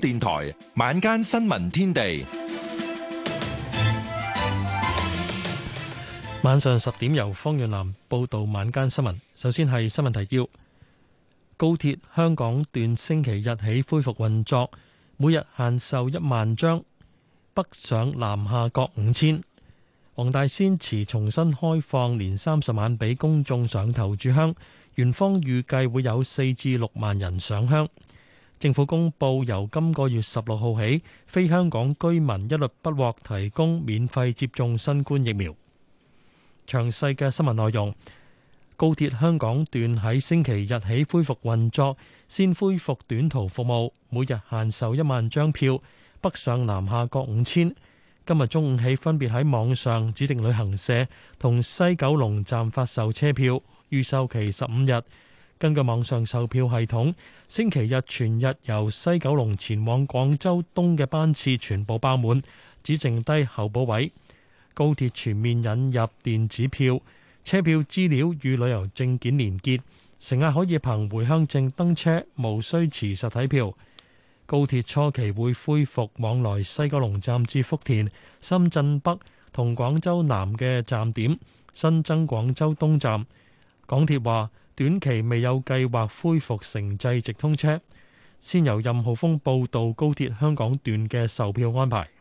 電台晚間新聞天地，晚上十點由方遠林報道晚間新聞。首先係新聞提要：高鐵香港段星期日起恢復運作，每日限售一萬張，北上南下各五千。黃大仙祠重新開放，年三十晚俾公眾上頭柱香，園方預計會有四至六萬人上香。政府公布，由今個月十六號起，非香港居民一律不獲提供免費接種新冠疫苗。詳細嘅新聞內容。高鐵香港段喺星期日起恢復運作，先恢復短途服務，每日限售一萬張票，北上南下各五千。今日中午起，分別喺網上指定旅行社同西九龍站發售車票，預售期十五日。根據網上售票系統。星期日全日由西九龍前往廣州東嘅班次全部爆滿，只剩低候補位。高鐵全面引入電子票，車票資料與旅遊證件連結，乘客可以憑回鄉證登車，無需持實體票。高鐵初期會恢復往來西九龍站至福田、深圳北同廣州南嘅站點，新增廣州東站。港鐵話。短期未有計劃恢復城際直通車，先由任浩峰報道高鐵香港段嘅售票安排。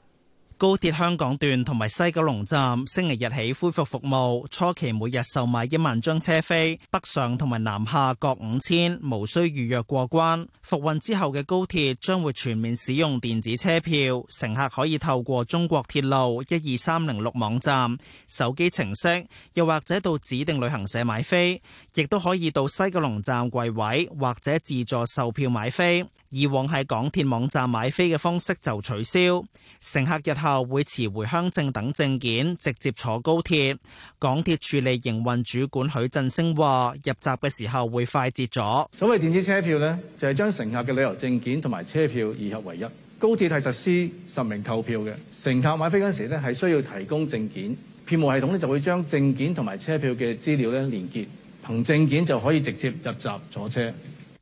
高鐵香港段同埋西九龍站星期日起恢復服務，初期每日售賣一萬張車飛，北上同埋南下各五千，無需預約過關。復運之後嘅高鐵將會全面使用電子車票，乘客可以透過中國鐵路一二三零六網站、手機程式，又或者到指定旅行社買飛，亦都可以到西九龍站櫃位或者自助售票買飛。以往喺港鐵網站買飛嘅方式就取消，乘客日後會持回鄉證等證件直接坐高鐵。港鐵處理營運主管許振興話：入閘嘅時候會快捷咗。所謂電子車票呢，就係將乘客嘅旅遊證件同埋車票二合為一。高鐵係實施實名購票嘅，乘客買飛嗰陣時咧係需要提供證件，票務系統呢，就會將證件同埋車票嘅資料咧連結，憑證件就可以直接入閘坐車。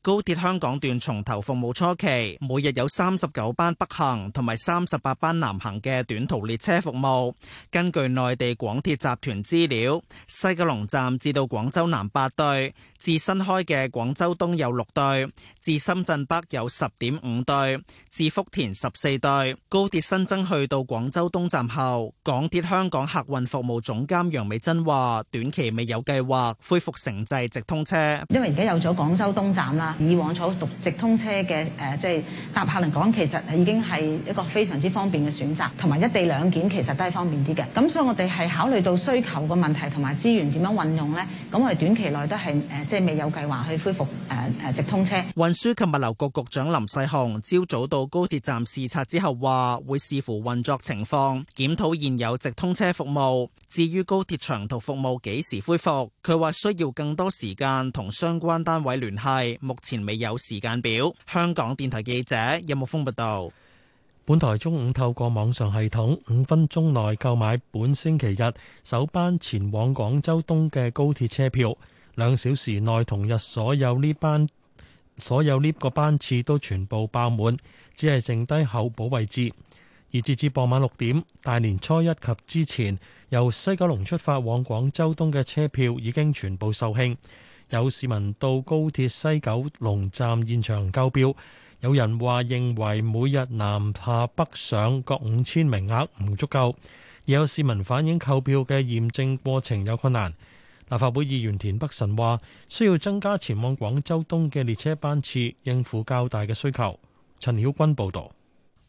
高鐵香港段重投服務初期，每日有三十九班北行同埋三十八班南行嘅短途列車服務。根據內地廣鐵集團資料，西九龍站至到廣州南八對。至新開嘅廣州東有六對，至深圳北有十點五對，至福田十四對。高鐵新增去到廣州東站後，港鐵香港客運服務總監楊美珍話：短期未有計劃恢復城際直通車，因為而家有咗廣州東站啦，以往坐直通車嘅誒，即係搭客嚟講，其實已經係一個非常之方便嘅選擇，同埋一地兩檢其實都係方便啲嘅。咁所以我哋係考慮到需求嘅問題同埋資源點樣運用呢，咁我哋短期內都係誒。呃即係未有計劃去恢復誒誒直通車。運輸及物流局局長林世雄朝早到高鐵站視察之後，話會視乎運作情況檢討現有直通車服務。至於高鐵長途服務幾時恢復，佢話需要更多時間同相關單位聯繫，目前未有時間表。香港電台記者任木峰報道。本台中午透過網上系統五分鐘內購買本星期日首班前往廣州東嘅高鐵車票。兩小時內同日所有呢班所有呢個班，班次都全部爆滿，只係剩低候補位置。而截至傍晚六點，大年初一及之前由西九龍出發往廣州東嘅車票已經全部售罄。有市民到高鐵西九龍站現場購票，有人話認為每日南下北上各五千名額唔足夠，亦有市民反映購票嘅驗證過程有困難。立法會議員田北辰話：需要增加前往廣州東嘅列車班次，應付較大嘅需求。陳曉君報導。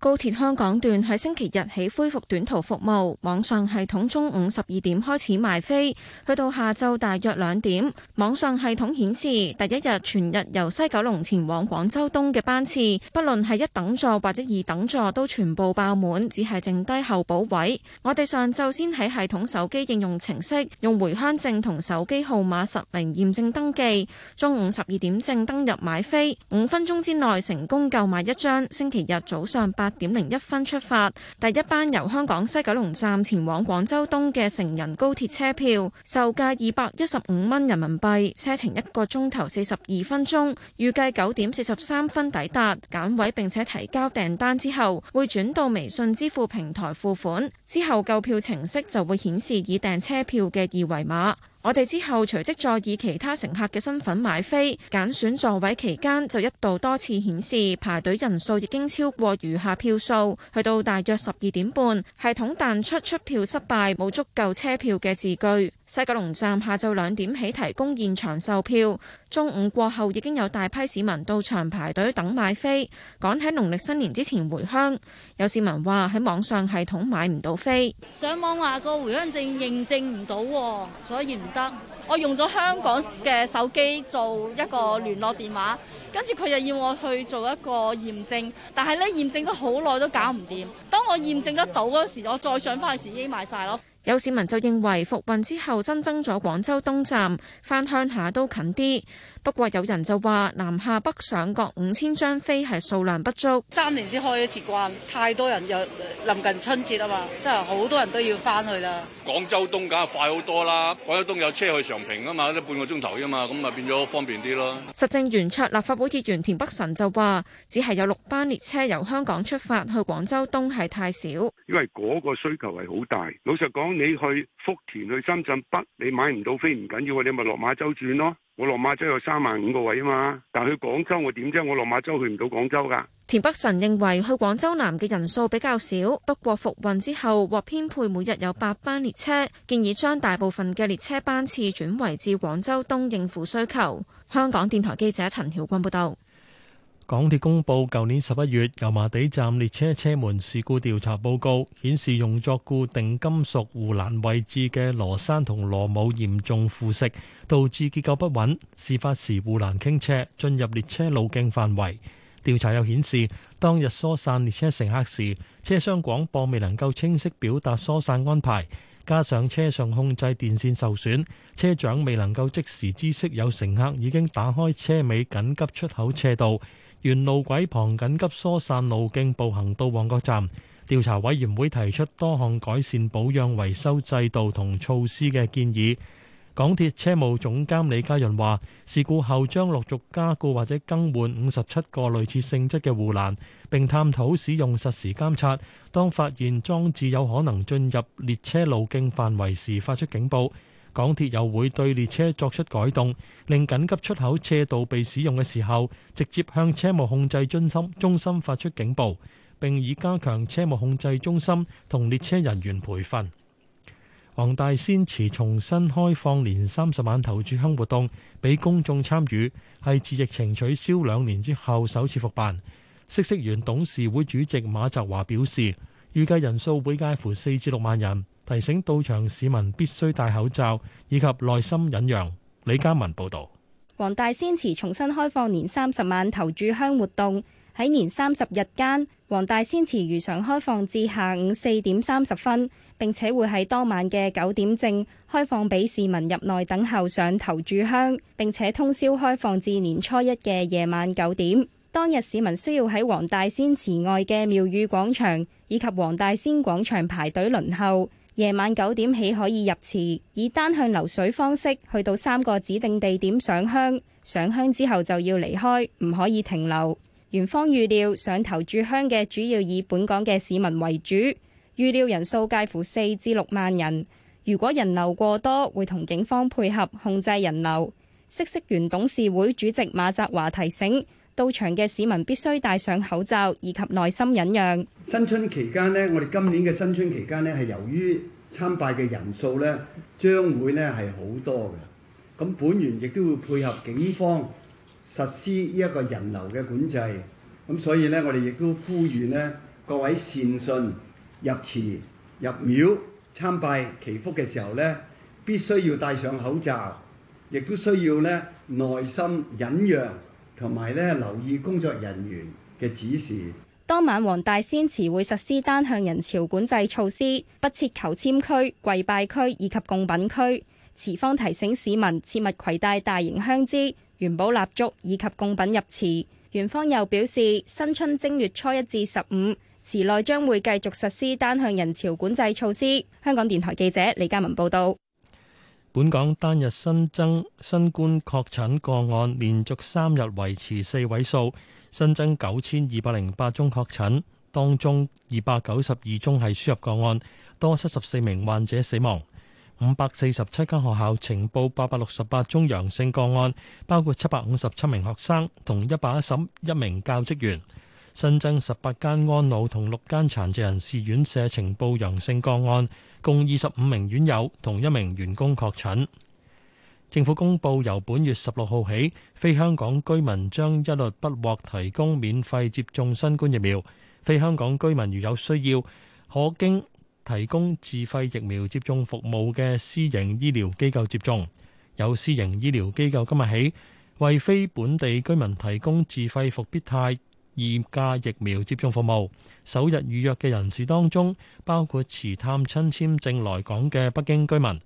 高鐵香港段喺星期日起恢復短途服務，網上系統中午十二點開始賣飛，去到下晝大約兩點，網上系統顯示第一日全日由西九龍前往廣州東嘅班次，不論係一等座或者二等座都全部爆滿，只係剩低候補位。我哋上晝先喺系統手機應用程式用回鄉證同手機號碼實名驗證登記，中午十二點正登入買飛，五分鐘之內成功購買一張。星期日早上八。點零一分出發，第一班由香港西九龍站前往廣州東嘅成人高鐵車票，售價二百一十五蚊人民幣，車程一個鐘頭四十二分鐘，預計九點四十三分抵達。揀位並且提交訂單之後，會轉到微信支付平台付款，之後購票程式就會顯示已訂車票嘅二維碼。我哋之後隨即再以其他乘客嘅身份買飛，揀選座位期間就一度多次顯示排隊人數已經超過餘下票數。去到大約十二點半，系統彈出「出票失敗，冇足夠車票」嘅字句。西九龍站下晝兩點起提供現場售票，中午過後已經有大批市民到場排隊等買飛，趕喺農曆新年之前回鄉。有市民話喺網上系統買唔到飛，上網話個回鄉證認證唔到，所以唔得。我用咗香港嘅手機做一個聯絡電話，跟住佢又要我去做一個驗證，但係呢驗證咗好耐都搞唔掂。當我驗證得到嗰時，我再上翻去時已經賣晒咯。有市民就認為，復運之後新增咗廣州東站，返鄉下都近啲。不過有人就話南下北上各五千張飛係數量不足，三年先開一次關，太多人又臨近春節啊嘛，即係好多人都要翻去啦。廣州東梗係快好多啦，廣州東有車去常平啊嘛，都半個鐘頭啊嘛，咁咪變咗方便啲咯。實政圓桌立法會議員田北辰就話：只係有六班列車由香港出發去廣州東係太少，因為嗰個需求係好大。老實講，你去福田、去深圳北，你買唔到飛唔緊要，你咪落馬洲轉咯。我落馬洲有三萬五個位啊嘛，但去廣州我點啫？我落馬洲去唔到廣州噶田北辰認為去廣州南嘅人數比較少，不過復運之後獲編配每日有八班列車，建議將大部分嘅列車班次轉為至廣州東應付需求。香港電台記者陳曉君報道。港鐵公布舊年十一月油麻地站列車車門事故調查報告，顯示用作固定金屬護欄位置嘅螺栓同螺母嚴重腐蝕，導致結構不穩。事發時護欄傾斜，進入列車路徑範圍。調查又顯示，當日疏散列車乘客時，車廂廣播未能夠清晰表達疏散安排，加上車上控制電線受損，車長未能夠即時知悉有乘客已經打開車尾緊急出口斜道，沿路軌旁緊急疏散路徑，步行到旺角站。調查委員會提出多項改善、保養、維修制度同措施嘅建議。港鐵車務總監李家潤話，事故後將陸續加固或者更換五十七個類似性質嘅護欄，並探討使用實時監察。當發現裝置有可能進入列車路徑範圍時發出警報。港鐵又會對列車作出改動，令緊急出口斜道被使用嘅時候，直接向車務控制中心中心發出警報，並以加強車務控制中心同列車人員培訓。黃大仙祠重新開放年三十晚頭柱香活動俾公眾參與，係自疫情取消兩年之後首次復辦。嗇色園董事會主席馬澤華表示，預計人數會介乎四至六萬人。提醒到場市民必須戴口罩，以及耐心忍讓。李家文報導。黃大仙祠重新開放年三十晚頭炷香活動。喺年三十日間，黃大仙祠如常開放至下午四點三十分，並且會喺當晚嘅九點正開放俾市民入內等候上頭炷香。並且通宵開放至年初一嘅夜晚九點。當日市民需要喺黃大仙祠外嘅廟宇廣場以及黃大仙廣場排隊輪候。夜晚九點起可以入池，以單向流水方式去到三個指定地點上香。上香之後就要離開，唔可以停留。園方預料上頭炷香嘅主要以本港嘅市民為主，預料人數介乎四至六萬人。如果人流過多，會同警方配合控制人流。嗇色園董事會主席馬澤華提醒。到場嘅市民必須戴上口罩，以及耐心忍讓。新春期間呢，我哋今年嘅新春期間呢，係由於參拜嘅人數呢，將會呢係好多嘅。咁本源亦都會配合警方實施呢一個人流嘅管制。咁所以呢，我哋亦都呼籲呢各位善信入祠、入廟參拜祈福嘅時候呢，必須要戴上口罩，亦都需要呢耐心忍讓。同埋呢，留意工作人員嘅指示。當晚黃大仙祠會實施單向人潮管制措施，不設求簽區、跪拜區以及供品區。祠方提醒市民切勿攜帶大型香枝、元寶、蠟燭以及供品入祠。園方又表示，新春正月初一至十五，祠內將會繼續實施單向人潮管制措施。香港電台記者李嘉文報道。本港單日新增新冠確診個案，連續三日維持四位數，新增九千二百零八宗確診，當中二百九十二宗係輸入個案，多七十四名患者死亡。五百四十七間學校呈報八百六十八宗陽性個案，包括七百五十七名學生同一百一十一名教職員。新增十八間安老同六間殘疾人士院舍呈報陽性個案。共二十五名院友同一名員工確診。政府公布，由本月十六號起，非香港居民將一律不獲提供免費接種新冠疫苗。非香港居民如有需要，可經提供自費疫苗接種服務嘅私營醫療機構接種。有私營醫療機構今日起為非本地居民提供自費復必泰二價疫苗接種服務。首日預約嘅人士當中，包括持探親簽證來港嘅北京居民。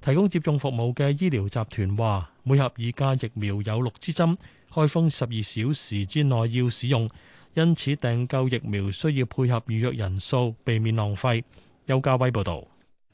提供接種服務嘅醫療集團話，每盒二價疫苗有六支針，開封十二小時之內要使用，因此訂購疫苗需要配合預約人數，避免浪費。邱家威報道。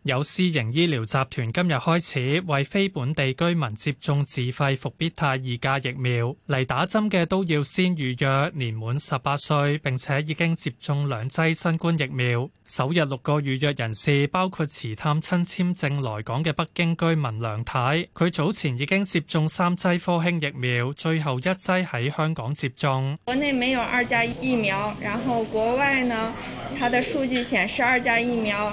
有私營醫療集團今日開始為非本地居民接種自費復必泰二價疫苗，嚟打針嘅都要先預約，年滿十八歲並且已經接種兩劑新冠疫苗。首日六個預約人士包括持探親簽證來港嘅北京居民梁太，佢早前已經接種三劑科興疫苗，最後一劑喺香港接種。國內沒有二價疫苗，然後國外呢，它的數據顯示二價疫苗。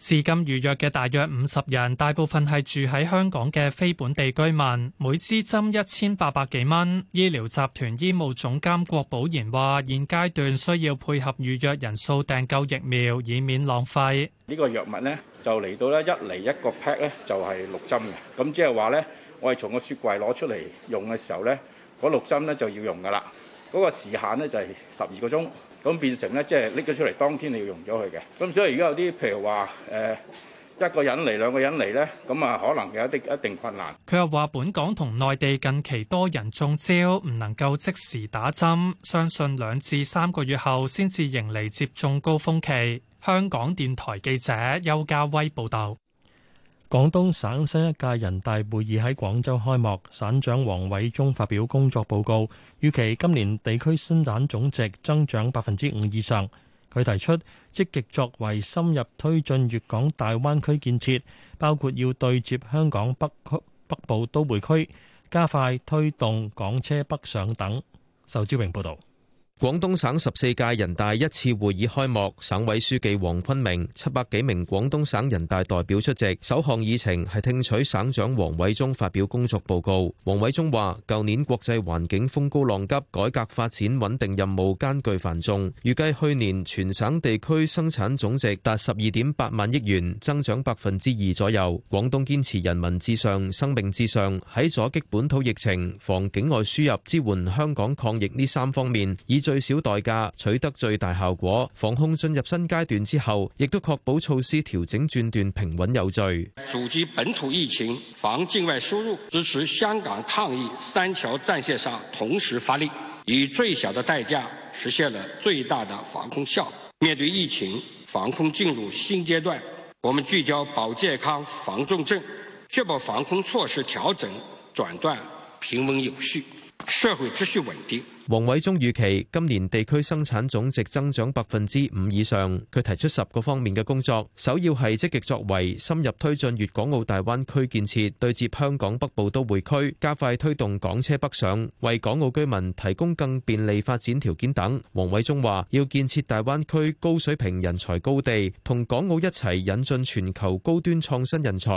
至今預約嘅大約五十人，大部分係住喺香港嘅非本地居民。每支針一千八百幾蚊。醫療集團醫務總監郭寶賢話，現階段需要配合預約人數訂購疫苗，以免浪費。呢個藥物呢，就嚟到咧，一嚟一個 pack 咧就係六針嘅，咁即係話呢，我係從個雪櫃攞出嚟用嘅時候呢，嗰六針呢就要用㗎喇。嗰個時限呢，就係十二個鐘。咁變成咧，即係拎咗出嚟當天你要用咗佢嘅。咁所以而家有啲譬如話，誒一個人嚟，兩個人嚟咧，咁啊可能有一啲一定困難。佢又話：本港同內地近期多人中招，唔能夠即時打針，相信兩至三個月後先至迎嚟接種高峯期。香港電台記者邱家威報道。廣東省新一屆人大會議喺廣州開幕，省長王偉中發表工作報告。預期今年地區生產總值增長百分之五以上。佢提出積極作為，深入推進粵港大灣區建設，包括要對接香港北區北部都會區，加快推動港車北上等。仇志榮報導。廣東省十四屆人大一次會議開幕，省委書記黃坤明、七百幾名廣東省人大代表出席。首項議程係聽取省長王偉中發表工作報告。王偉中話：，舊年國際環境風高浪急，改革發展穩定任務艱巨繁重。預計去年全省地區生產總值達十二點八萬億元，增長百分之二左右。廣東堅持人民至上、生命至上，喺阻擊本土疫情、防境外輸入、支援香港抗疫呢三方面以。最小代價取得最大效果，防控進入新階段之後，亦都確保措施調整轉段平穩有序。阻止本土疫情、防境外輸入、支持香港抗疫三條戰線上同時發力，以最小的代價實現了最大的防控效果。面對疫情防控進入新階段，我們聚焦保健康、防重症，確保防控措施調整轉段平穩有序，社會秩序穩定。王偉中預期今年地區生產總值增長百分之五以上。佢提出十個方面嘅工作，首要係積極作為，深入推進粵港澳大灣區建設，對接香港北部都會區，加快推動港車北上，為港澳居民提供更便利發展條件等。王偉中話：要建設大灣區高水平人才高地，同港澳一齊引進全球高端創新人才，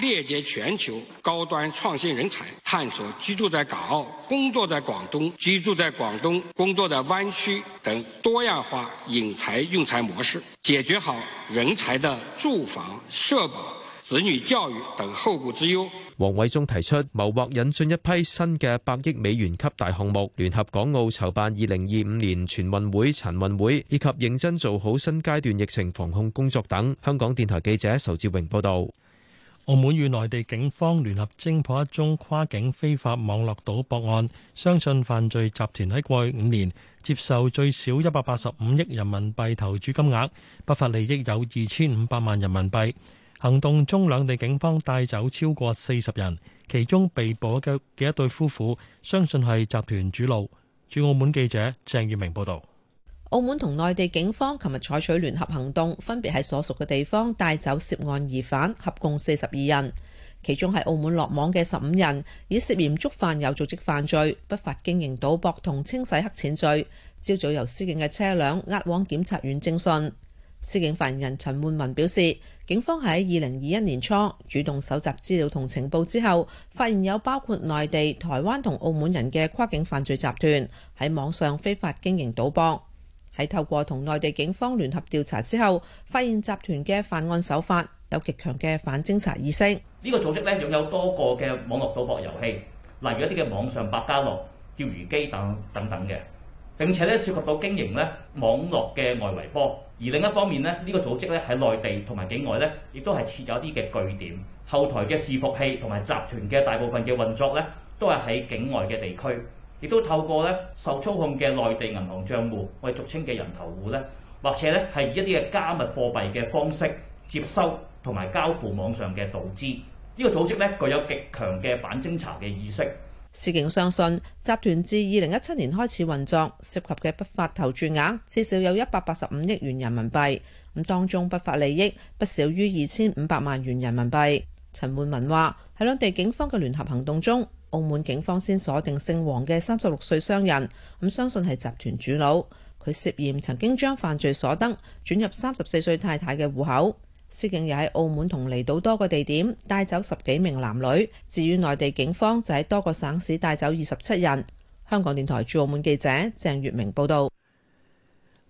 鏈接全球高端創新人才，探索居住在港澳、工作在廣東、居住在。廣東工作的灣區等多樣化引才用才模式，解決好人才的住房、社保、子女教育等後顧之憂。王偉中提出謀劃引進一批新嘅百億美元級大項目，聯合港澳籌辦二零二五年全運會、殘運會，以及認真做好新階段疫情防控工作等。香港電台記者仇志榮報道。澳門與內地警方聯合偵破一宗跨境非法網絡賭博案，相信犯罪集團喺過去五年接受最少一百八十五億人民幣投注金額，不法利益有二千五百萬人民幣。行動中，兩地警方帶走超過四十人，其中被捕嘅嘅一對夫婦，相信係集團主腦。駐澳門記者鄭月明報道。澳門同內地警方琴日採取聯合行動，分別喺所屬嘅地方帶走涉案疑犯，合共四十二人，其中喺澳門落網嘅十五人，以涉嫌觸犯有組織犯罪、不法經營賭博同清洗黑錢罪。朝早由司警嘅車輛押往檢察院徵訊。司警發言人陳煥文表示，警方喺二零二一年初主動搜集資料同情報之後，發現有包括內地、台灣同澳門人嘅跨境犯罪集團喺網上非法經營賭博。喺透過同內地警方聯合調查之後，發現集團嘅犯案手法有極強嘅反偵查意識。呢個組織咧擁有多個嘅網絡賭博遊戲，例如一啲嘅網上百家樂、釣魚機等等等嘅。並且咧涉及到經營咧網絡嘅外圍波。而另一方面咧，呢、呢個組織咧喺內地同埋境外咧，亦都係設有一啲嘅據點，後台嘅伺服器同埋集團嘅大部分嘅運作咧，都係喺境外嘅地區。亦都透過咧受操控嘅內地銀行帳戶，我哋俗稱嘅人頭戶咧，或者咧係以一啲嘅加密貨幣嘅方式接收同埋交付網上嘅賭資。呢、這個組織咧具有極強嘅反偵查嘅意識。事證相信集團自二零一七年開始運作，涉及嘅不法投注額至少有一百八十五億元人民幣，咁當中不法利益不少於二千五百萬元人民幣。陳煥文話喺兩地警方嘅聯合行動中。澳門警方，先鎖定姓黃嘅三十六歲商人，咁相信係集團主腦。佢涉嫌曾經將犯罪所得轉入三十四歲太太嘅戶口。司警又喺澳門同離島多個地點帶走十幾名男女，至於內地警方就喺多個省市帶走二十七人。香港電台駐澳門記者鄭月明報道。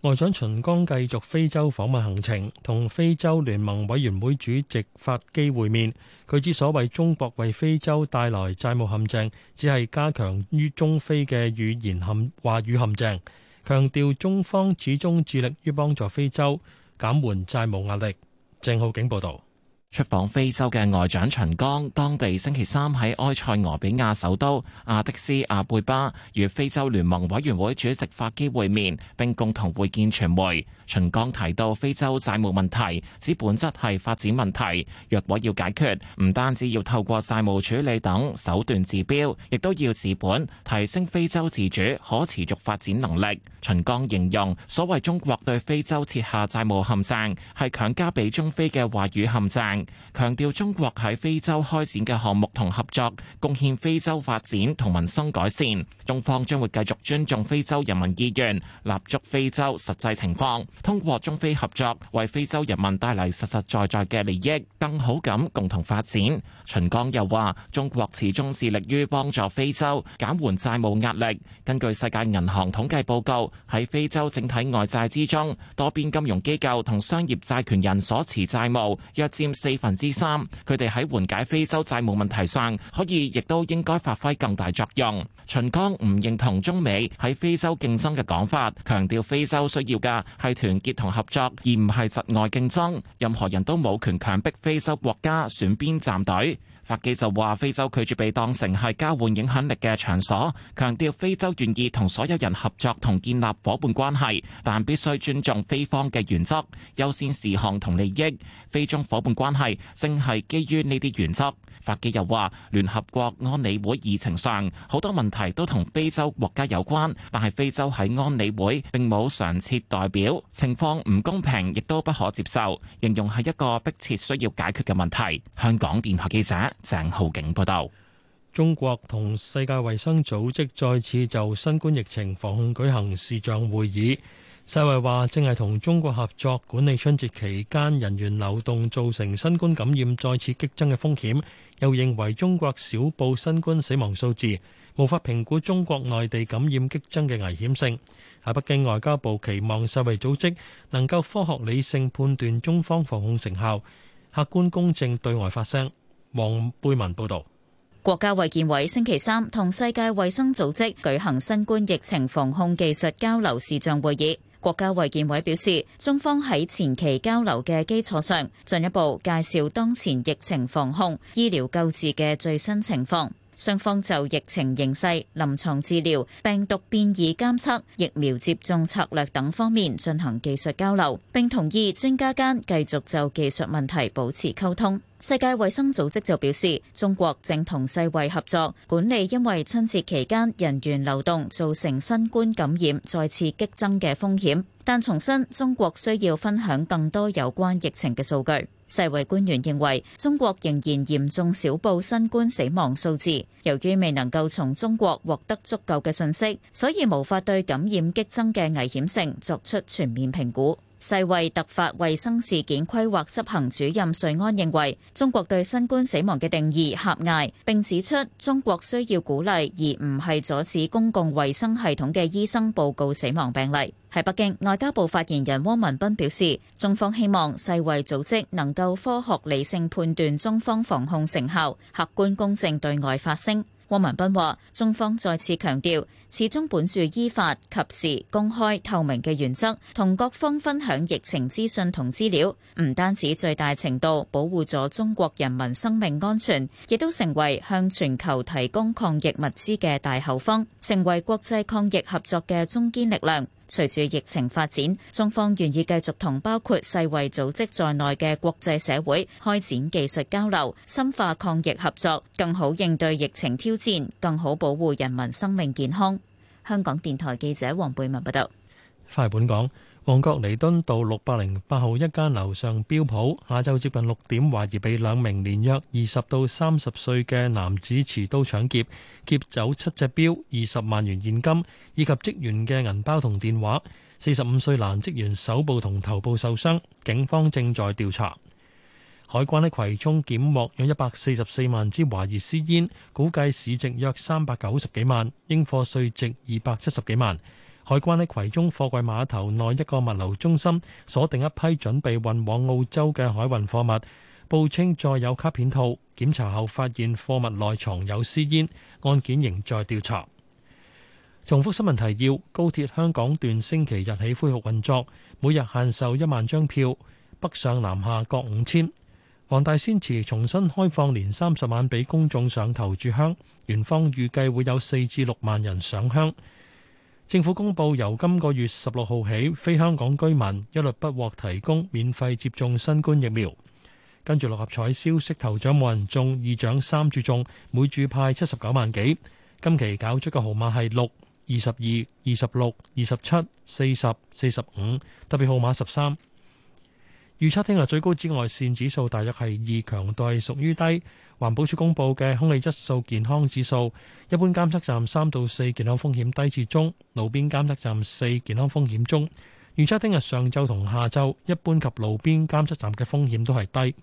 外長秦剛繼續非洲訪問行程，同非洲聯盟委員會主席法基會面。佢指所謂中國為非洲帶來債務陷阱，只係加強於中非嘅語言陷話語陷阱。強調中方始終致力於幫助非洲減緩債務壓力。正浩景報道。出訪非洲嘅外長秦剛，當地星期三喺埃塞俄比亞首都亞的斯亞貝巴與非洲聯盟委員會主席法基會面，並共同會見傳媒。秦剛提到非洲債務問題，指本質係發展問題。若果要解決，唔單止要透過債務處理等手段治標，亦都要治本，提升非洲自主可持續發展能力。秦剛形容所謂中國對非洲設下債務陷阱，係強加俾中非嘅話語陷阱。強調中國喺非洲開展嘅項目同合作，貢獻非洲發展同民生改善。中方將會繼續尊重非洲人民意願，立足非洲實際情況，通過中非合作，為非洲人民帶嚟實實在在嘅利益，更好咁，共同發展。秦剛又話：中國始終致力於幫助非洲減緩債務壓力。根據世界銀行統計報告，喺非洲整體外債之中，多邊金融機構同商業債權人所持債務約佔四分之三。佢哋喺緩解非洲債務問題上，可以亦都應該發揮更大作用。秦剛唔認同中美喺非洲競爭嘅講法，強調非洲需要嘅係團團結同合作，而唔係窒外競爭。任何人都冇權強迫非洲國家選邊站隊。法基就話：非洲拒絕被當成係交換影響力嘅場所，強調非洲願意同所有人合作同建立夥伴關係，但必須尊重非方嘅原則、優先事項同利益。非中夥伴關係正係基於呢啲原則。白幾又話，聯合國安理會議程上好多問題都同非洲國家有關，但係非洲喺安理會並冇常設代表，情況唔公平，亦都不可接受，形容係一個迫切需要解決嘅問題。香港電台記者鄭浩景報道，中國同世界衛生組織再次就新冠疫情防控舉行視像會議。世衞話，正係同中國合作管理春節期間人員流動造成新冠感染再次激增嘅風險。又認為中國少報新冠死亡數字，無法評估中國內地感染激增嘅危險性。喺北京外交部期望世衛組織能夠科學理性判斷中方防控成效，客觀公正對外發聲。黃貝文報導。國家衛健委星期三同世界衛生組織舉行新冠疫情防控技術交流視像會議。國家衛健委表示，中方喺前期交流嘅基礎上，進一步介紹當前疫情防控、醫療救治嘅最新情況。雙方就疫情形勢、臨床治療、病毒變異監測、疫苗接種策略等方面進行技術交流，並同意專家間繼續就技術問題保持溝通。世界衛生組織就表示，中國正同世衛合作管理因為春節期間人員流動造成新冠感染再次激增嘅風險，但重申中國需要分享更多有關疫情嘅數據。世衛官員認為中國仍然嚴重少報新冠死亡數字，由於未能夠從中國獲得足夠嘅信息，所以無法對感染激增嘅危險性作出全面評估。世衛突發衛生事件規劃執行主任瑞安認為，中國對新冠死亡嘅定義狹隘，並指出中國需要鼓勵而唔係阻止公共衛生系統嘅醫生報告死亡病例。喺北京，外交部發言人汪文斌表示，中方希望世衛組織能夠科學理性判斷中方防控成效，客觀公正對外發聲。汪文斌話：中方再次強調，始終本住依法、及時、公開、透明嘅原則，同各方分享疫情資訊同資料，唔單止最大程度保護咗中國人民生命安全，亦都成為向全球提供抗疫物資嘅大後方，成為國際抗疫合作嘅中堅力量。隨住疫情發展，中方願意繼續同包括世衛組織在內嘅國際社會開展技術交流，深化抗疫合作，更好應對疫情挑戰，更好保護人民生命健康。香港電台記者黃貝文報道。翻嚟本港。旺角彌敦道六百零八號一間樓上錶舖，下晝接近六點，懷疑被兩名年約二十到三十歲嘅男子持刀搶劫，劫走七隻表、二十萬元現金以及職員嘅銀包同電話。四十五歲男職員手部同頭部受傷，警方正在調查。海關喺葵涌檢獲有一百四十四萬支懷疑私煙，估計市值約三百九十幾萬，應課稅值二百七十幾萬。海關喺葵涌貨櫃碼頭內一個物流中心鎖定一批準備運往澳洲嘅海運貨物，報稱再有卡片套，檢查後發現貨物內藏有私煙，案件仍在調查。重複新聞提要：高鐵香港段星期日起恢復運作，每日限售一萬張票，北上南下各五千。黃大仙祠重新開放，年三十晚俾公眾上頭炷香，園方預計會有四至六萬人上香。政府公布，由今個月十六號起，非香港居民一律不獲提供免費接種新冠疫苗。跟住六合彩消息，息頭獎冇人中，二獎三注中，每注派七十九萬幾。今期搞出嘅號碼係六、二十二、二十六、二十七、四十四、十五，特別號碼十三。預測聽日最高紫外線指數大約係二，強度係屬於低。環保署公布嘅空氣質素健康指數，一般監測站三到四健康風險低至中，路邊監測站四健康風險中。預測聽日上晝同下晝，一般及路邊監測站嘅風險都係低。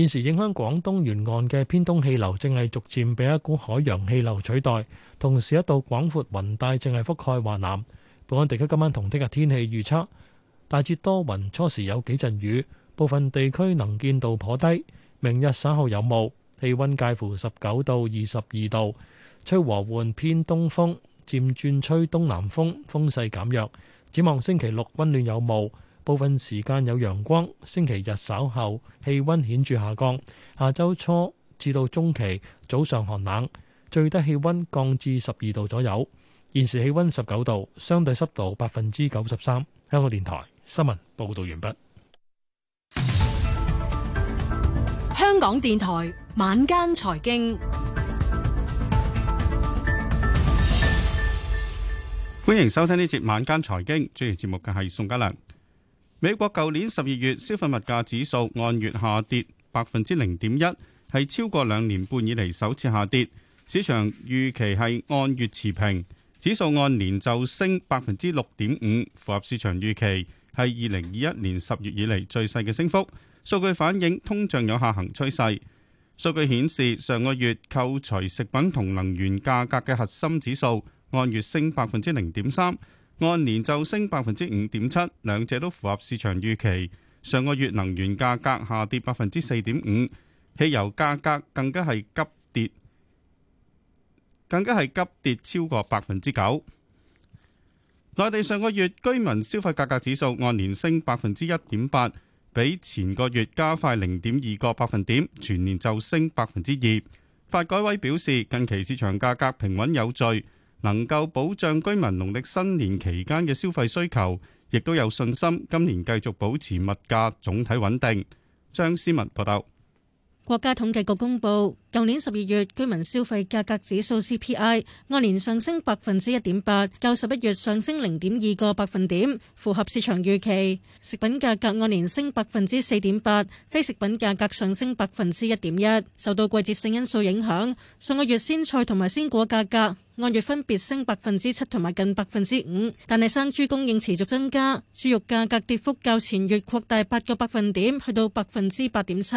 現時影響廣東沿岸嘅偏東氣流正係逐漸被一股海洋氣流取代，同時一道廣闊雲帶正係覆蓋華南。本港地區今晚同聽日天氣預測大致多雲，初時有幾陣雨，部分地區能見度頗低。明日稍後有霧，氣溫介乎十九到二十二度，吹和緩偏東風，漸轉吹東南風，風勢減弱。展望星期六溫暖有霧，部分時間有陽光。星期日稍後氣溫顯著下降，下周初至到中期早上寒冷，最低氣溫降至十二度左右。現時氣溫十九度，相對濕度百分之九十三。香港電台新聞報道完畢。香港電台晚間財經，歡迎收聽呢節晚間財經。主持節目嘅係宋嘉良。美國舊年十二月消費物價指數按月下跌百分之零點一，係超過兩年半以嚟首次下跌。市場預期係按月持平，指數按年就升百分之六點五，符合市場預期，係二零二一年十月以嚟最細嘅升幅。數據反映通脹有下行趨勢。數據顯示上個月扣除食品同能源價格嘅核心指數按月升百分之零點三，按年就升百分之五點七，兩者都符合市場預期。上個月能源價格下跌百分之四點五，汽油價格更加係急跌，更加係急跌超過百分之九。內地上個月居民消費價格指數按年升百分之一點八，比前個月加快零點二個百分點，全年就升百分之二。發改委表示，近期市場價格平穩有序，能夠保障居民農曆新年期間嘅消費需求，亦都有信心今年繼續保持物價總體穩定。張思文報道，國家統計局公佈，舊年十二月居民消費價格指數 CPI 按年上升百分之一點八，較十一月上升零點二個百分點，符合市場預期。食品價格按年升百分之四點八，非食品價格上升百分之一點一，受到季節性因素影響。上個月鮮菜同埋鮮果價格按月分別升百分之七同埋近百分之五，但係生豬供應持續增加，豬肉價格跌幅較前月擴大八個百分點，去到百分之八點七。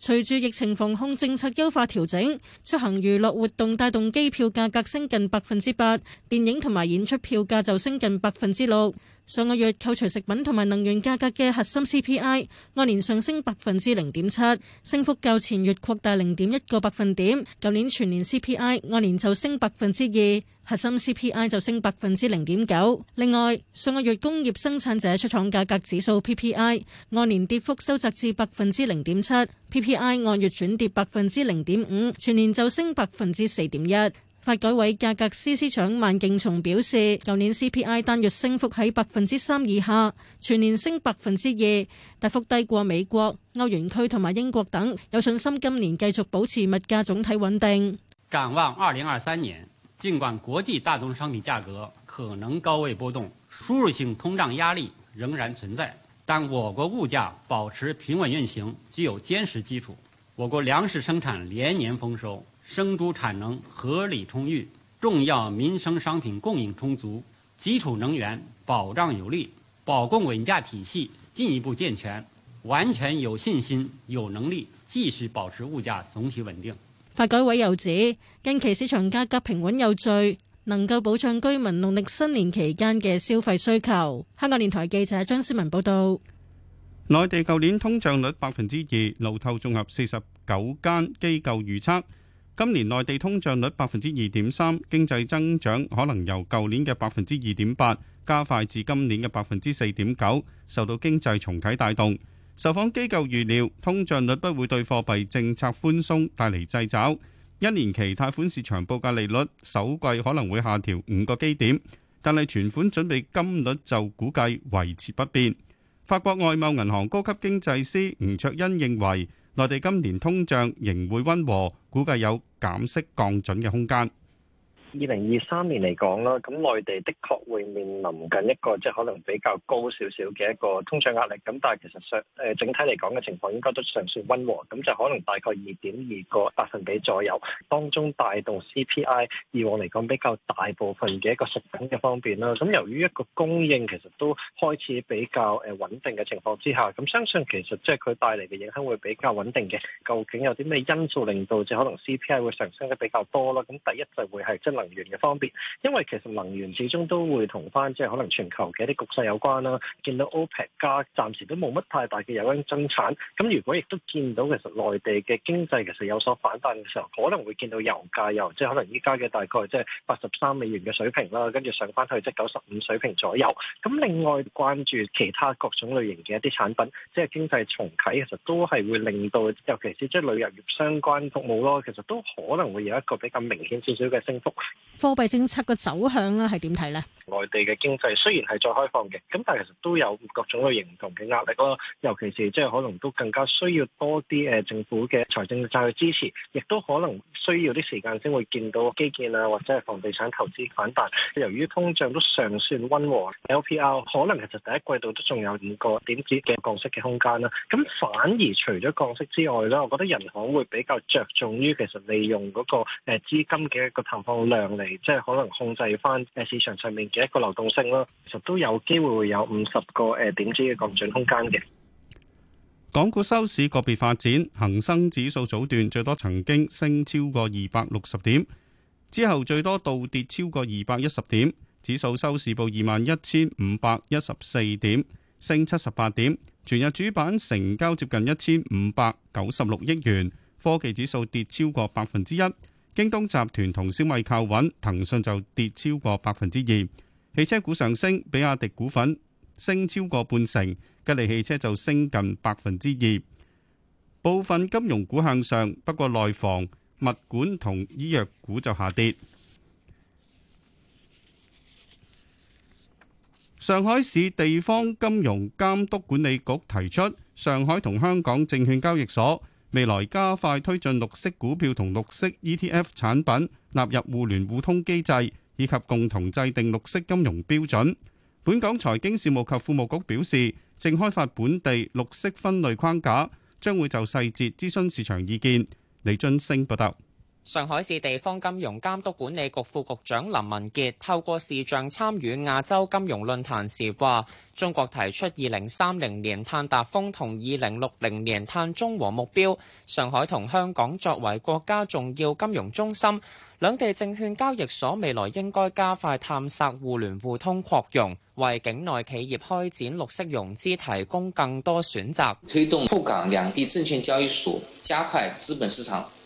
隨住疫情防控政策優化，調整出行、娛樂活動帶動機票價格升近百分之八，電影同埋演出票價就升近百分之六。上個月扣除食品同埋能源價格嘅核心 CPI 按年上升百分之零點七，升幅較前月擴大零點一個百分點。舊年全年 CPI 按年就升百分之二，核心 CPI 就升百分之零點九。另外，上個月工業生產者出廠價格指數 PPI 按年跌幅收窄至百分之零點七，PPI 按月轉跌百分之零點五，全年就升百分之四點一。發改委價格司司長萬勁松表示，舊年 CPI 單月升幅喺百分之三以下，全年升百分之二，大幅低過美國、歐元區同埋英國等，有信心今年繼續保持物價總體穩定。展望二零二三年，盡管國際大宗商品價格可能高位波動，輸入性通脹壓力仍然存在，但我國物價保持平穩運行，具有堅實基礎。我國糧食生產連年豐收。生豬產能合理充裕，重要民生商品供應充足，基礎能源保障有力，保供穩價體系進一步健全，完全有信心、有能力繼續保持物價總體穩定。發改委又指，近期市場價格平穩有序，能夠保障居民農曆新年期間嘅消費需求。香港電台記者張思文報道，內地舊年通脹率百分之二，路透綜合四十九間機構預測。今年內地通脹率百分之二點三，經濟增長可能由舊年嘅百分之二點八加快至今年嘅百分之四點九，受到經濟重啟帶動。受訪機構預料通脹率不會對貨幣政策寬鬆帶嚟掣肘。一年期貸款市場報價利率首季可能會下調五個基點，但係存款準備金率就估計維持不變。法國外貿銀行高級經濟師吳卓恩認為。內地今年通脹仍會溫和，估計有減息降準嘅空間。二零二三年嚟講啦，咁內地的確會面臨緊一個即係可能比較高少少嘅一個通脹壓力，咁但係其實上誒、呃、整體嚟講嘅情況應該都尚算溫和，咁就可能大概二點二個百分比左右，當中帶動 CPI，以往嚟講比較大部分嘅一個食品嘅方面啦，咁由於一個供應其實都開始比較誒穩定嘅情況之下，咁相信其實即係佢帶嚟嘅影響會比較穩定嘅。究竟有啲咩因素令到即可能 CPI 會上升得比較多啦？咁第一就是會係即係。能源嘅方面，因為其實能源始終都會同翻即係可能全球嘅一啲局勢有關啦。見到 OPEC 加暫時都冇乜太大嘅油增產，咁如果亦都見到其實內地嘅經濟其實有所反彈嘅時候，可能會見到油價又即係可能依家嘅大概即係八十三美元嘅水平啦，跟住上翻去即係九十五水平左右。咁另外關注其他各種類型嘅一啲產品，即係經濟重啟，其實都係會令到，尤其是即係旅遊業相關服務咯，其實都可能會有一個比較明顯少少嘅升幅。貨幣政策嘅走向咧，係點睇咧？內地嘅經濟雖然係再開放嘅，咁但係其實都有各種類型唔同嘅壓力咯，尤其是即係可能都更加需要多啲誒政府嘅財政債去支持，亦都可能需要啲時間先會見到基建啊，或者係房地產投資反彈。由於通脹都尚算溫和，LPR 可能其實第一季度都仲有五個點子嘅降息嘅空間啦。咁反而除咗降息之外咧，我覺得銀行會比較着重於其實利用嗰個誒資金嘅一個投放量。嚟，即係可能控制翻誒市場上面嘅一個流動性咯。其實都有機會會有五十個誒點子嘅降準空間嘅。港股收市個別發展，恒生指數早段最多曾經升超過二百六十點，之後最多倒跌超過二百一十點，指數收市報二萬一千五百一十四點，升七十八點。全日主板成交接近一千五百九十六億元，科技指數跌超過百分之一。京東集團同小米靠穩，騰訊就跌超過百分之二。汽車股上升，比亞迪股份升超過半成，吉利汽車就升近百分之二。部分金融股向上，不過內房、物管同醫藥股就下跌。上海市地方金融監督管理局提出，上海同香港證券交易所，未來加快推進綠色股票同綠色 ETF 產品納入互聯互通機制，以及共同制定綠色金融標準。本港財經事務及庫務局表示，正開發本地綠色分類框架，將會就細節諮詢市場意見。李俊升報道。上海市地方金融監督管理局副局長林文杰透過視像參與亞洲金融論壇時話，中國提出二零三零年碳達峰同二零六零年碳中和目標，上海同香港作為國家重要金融中心，兩地證券交易所未來應該加快探索互聯互通、擴容，為境內企業開展綠色融資提供更多選擇，推動滬港兩地證券交易所加快資本市場，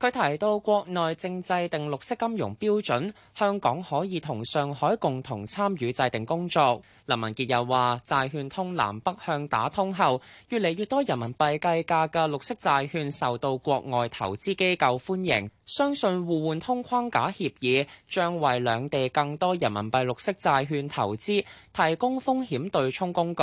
佢提到，國內正制定綠色金融標準，香港可以同上海共同參與制定工作。林文傑又話：債券通南北向打通後，越嚟越多人民幣計價嘅綠色債券受到國外投資機構歡迎，相信互換通框架協議將為兩地更多人民幣綠色債券投資提供風險對沖工具。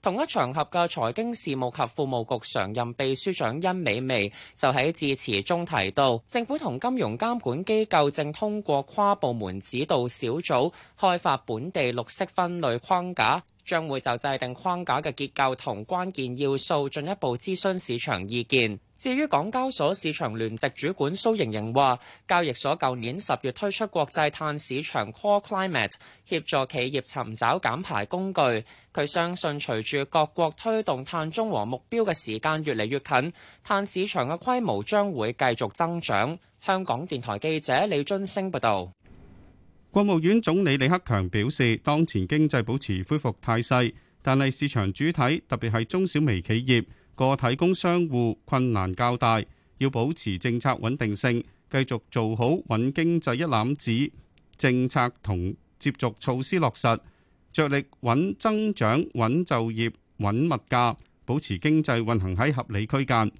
同一場合嘅財經事務及庫務局常任秘書長甄美薇就喺致辭中提到，政府同金融監管機構正通過跨部門指導小組開發本地綠色分類框架，將會就制定框架嘅結構同關鍵要素進一步諮詢市場意見。至於港交所市場聯席主管蘇瑩瑩話：交易所舊年十月推出國際碳市場 Core Climate，協助企業尋找減排工具。佢相信，隨住各國推動碳中和目標嘅時間越嚟越近，碳市場嘅規模將會繼續增長。香港電台記者李津星報道，國務院總理李克強表示，當前經濟保持恢復態勢，但係市場主體特別係中小微企業，個體工商戶困難較大，要保持政策穩定性，繼續做好穩經濟一攬子政策同接續措施落實，着力穩增長、穩就業、穩物價，保持經濟運行喺合理區間。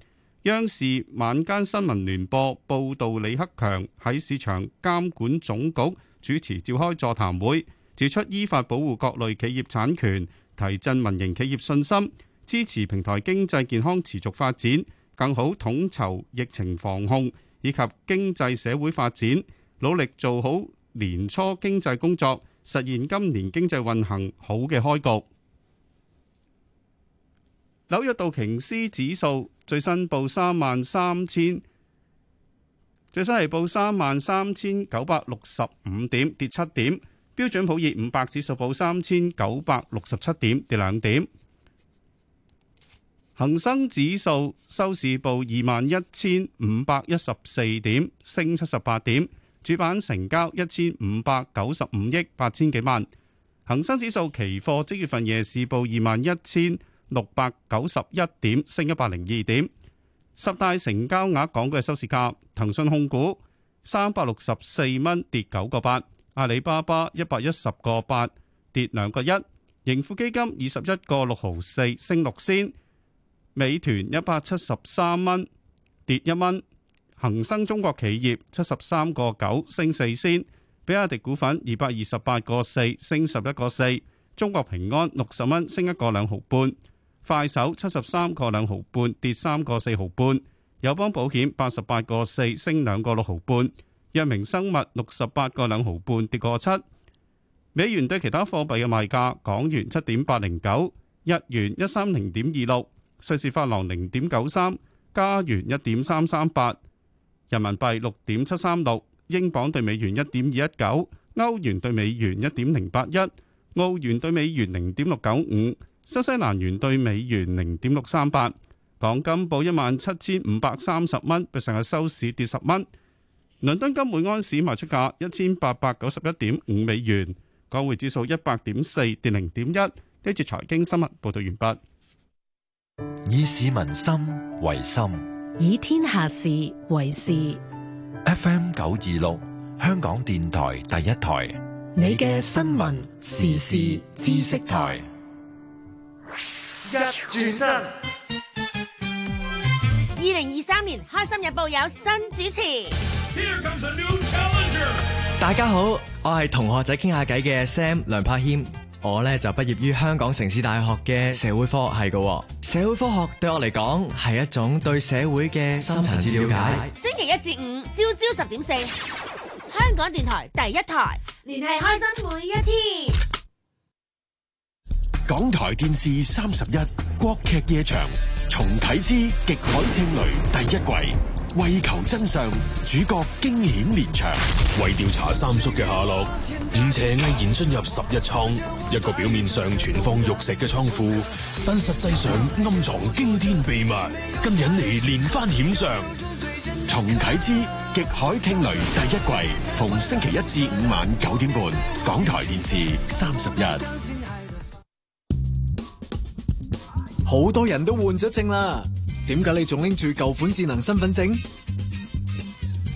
央視晚間新聞聯播報道，李克強喺市場監管總局主持召開座談會，指出依法保護各類企業產權，提振民營企業信心。支持平台經濟健康持續發展，更好統籌疫情防控以及經濟社會發展，努力做好年初經濟工作，實現今年經濟運行好嘅開局。紐約道瓊斯指數最新報三萬三千，最新係報三萬三千九百六十五點，跌七點。標準普爾五百指數報三千九百六十七點，跌兩點。恒生指數收市報二萬一千五百一十四點，升七十八點。主板成交一千五百九十五億八千幾萬。恒生指數期貨即月份夜市報二萬一千六百九十一點，升一百零二點。十大成交額港股嘅收市價：騰訊控股三百六十四蚊，跌九個八；阿里巴巴一百一十個八，跌兩個一；盈富基金二十一個六毫四，升六仙。美團一百七十三蚊跌一蚊，恒生中國企業七十三個九升四仙，比亞迪股份二百二十八個四升十一個四，中國平安六十蚊升一個兩毫半，快手七十三個兩毫半跌三個四毫半，友邦保險八十八個四升兩個六毫半，藥明生物六十八個兩毫半跌個七。美元對其他貨幣嘅賣價，港元七點八零九，日元一三零點二六。瑞士法郎零點九三，加元一點三三八，人民幣六點七三六，英鎊兌美元一點二一九，歐元兌美元一點零八一，澳元兌美元零點六九五，新西蘭元兌美元零點六三八。港金報一萬七千五百三十蚊，比上日收市跌十蚊。倫敦金每安士賣出價一千八百九十一點五美元，港匯指數一百點四跌零點一。呢節財經新聞報道完畢。以市民心為心，以天下事為事。F. M. 九二六，香港電台第一台，你嘅新聞時事知識台。一轉身，二零二三年，開心日報有新主持。 大家好，我係同學仔，傾下偈嘅 Sam 梁柏謙。我咧就畢業於香港城市大學嘅社會科學系嘅、哦，社會科學對我嚟講係一種對社會嘅深層次了解。了解。星期一至五朝朝十點四，香港電台第一台，聯繫開心每一天。港台電視三十一，國劇夜場重啟之《極海聽雷》第一季，為求真相，主角驚險連場，為調查三叔嘅下落，五尺毅然進入十一倉，一個表面上存放玉石嘅倉庫，但實際上暗藏驚天秘密，更引嚟連番險象。重啟之極海聽雷第一季，逢星期一至五晚九點半，港台電視三十日。好多人都換咗證啦，點解你仲拎住舊款智能身份證？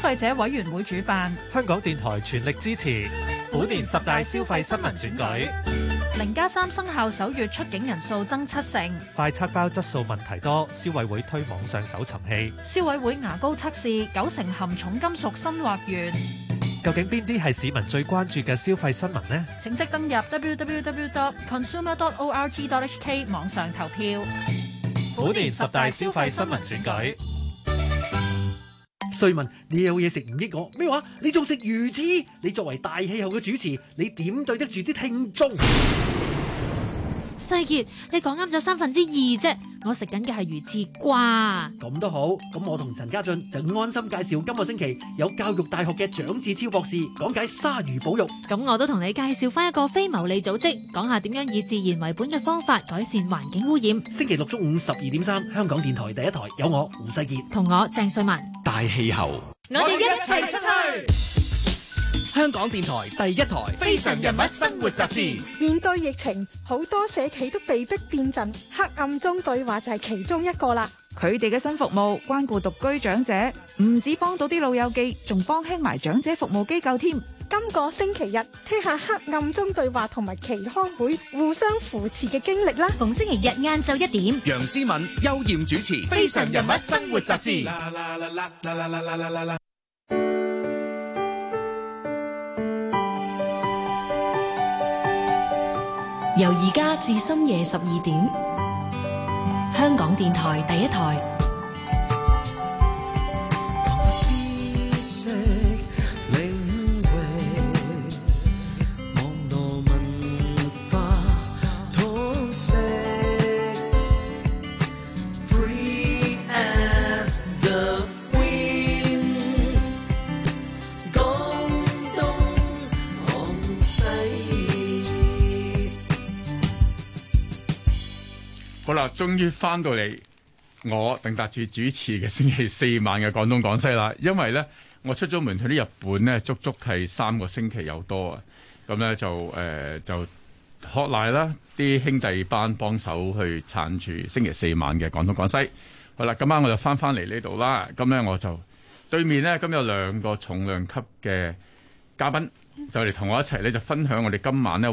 消費者委員會主辦，香港電台全力支持。本年十大消費新聞選舉，零加三生效首月出境人數增七成。快測包質素問題多，消委會推網上搜尋器。消委會牙膏測試九成含重金屬砷或鉛。究竟邊啲係市民最關注嘅消費新聞呢？請即登入 www.consumer.org.hk 網上投票。本年十大消費新聞選舉。衰問你有嘢食唔益我咩話？你仲食魚翅？你作為大氣候嘅主持，你點對得住啲聽眾？世杰，你講啱咗三分之二啫，我食緊嘅係魚翅瓜。咁都好，咁我同陳家俊就安心介紹，今個星期有教育大學嘅蔣志超博士講解鯊魚保育。咁我都同你介紹翻一個非牟利組織，講下點樣以自然為本嘅方法改善環境污染。星期六中午十二點三，香港電台第一台有我胡世杰同我鄭瑞文大氣候，我哋一齊出去。香港電台第一台《非常人物生活雜誌》面對疫情，好多社企都被逼變陣，黑暗中對話就係其中一個啦。佢哋嘅新服務關顧獨居長者，唔止幫到啲老友記，仲幫輕埋長者服務機構添。今個星期日聽下黑暗中對話同埋耆康會互相扶持嘅經歷啦。逢星期日晏晝一點，楊思敏、邱艷主持《非常人物生活雜誌》。由而家至深夜十二點，香港電台第一台。啊！終於翻到嚟，我定達志主持嘅星期四晚嘅廣東廣西啦。因為呢，我出咗門去啲日本呢，足足係三個星期有多啊。咁呢，就誒、呃、就學賴啦啲兄弟班幫手去撐住星期四晚嘅廣東廣西。好啦，今晚我就翻翻嚟呢度啦。咁呢，我就對面呢，咁有兩個重量級嘅嘉賓就嚟同我一齊呢，就分享我哋今晚呢。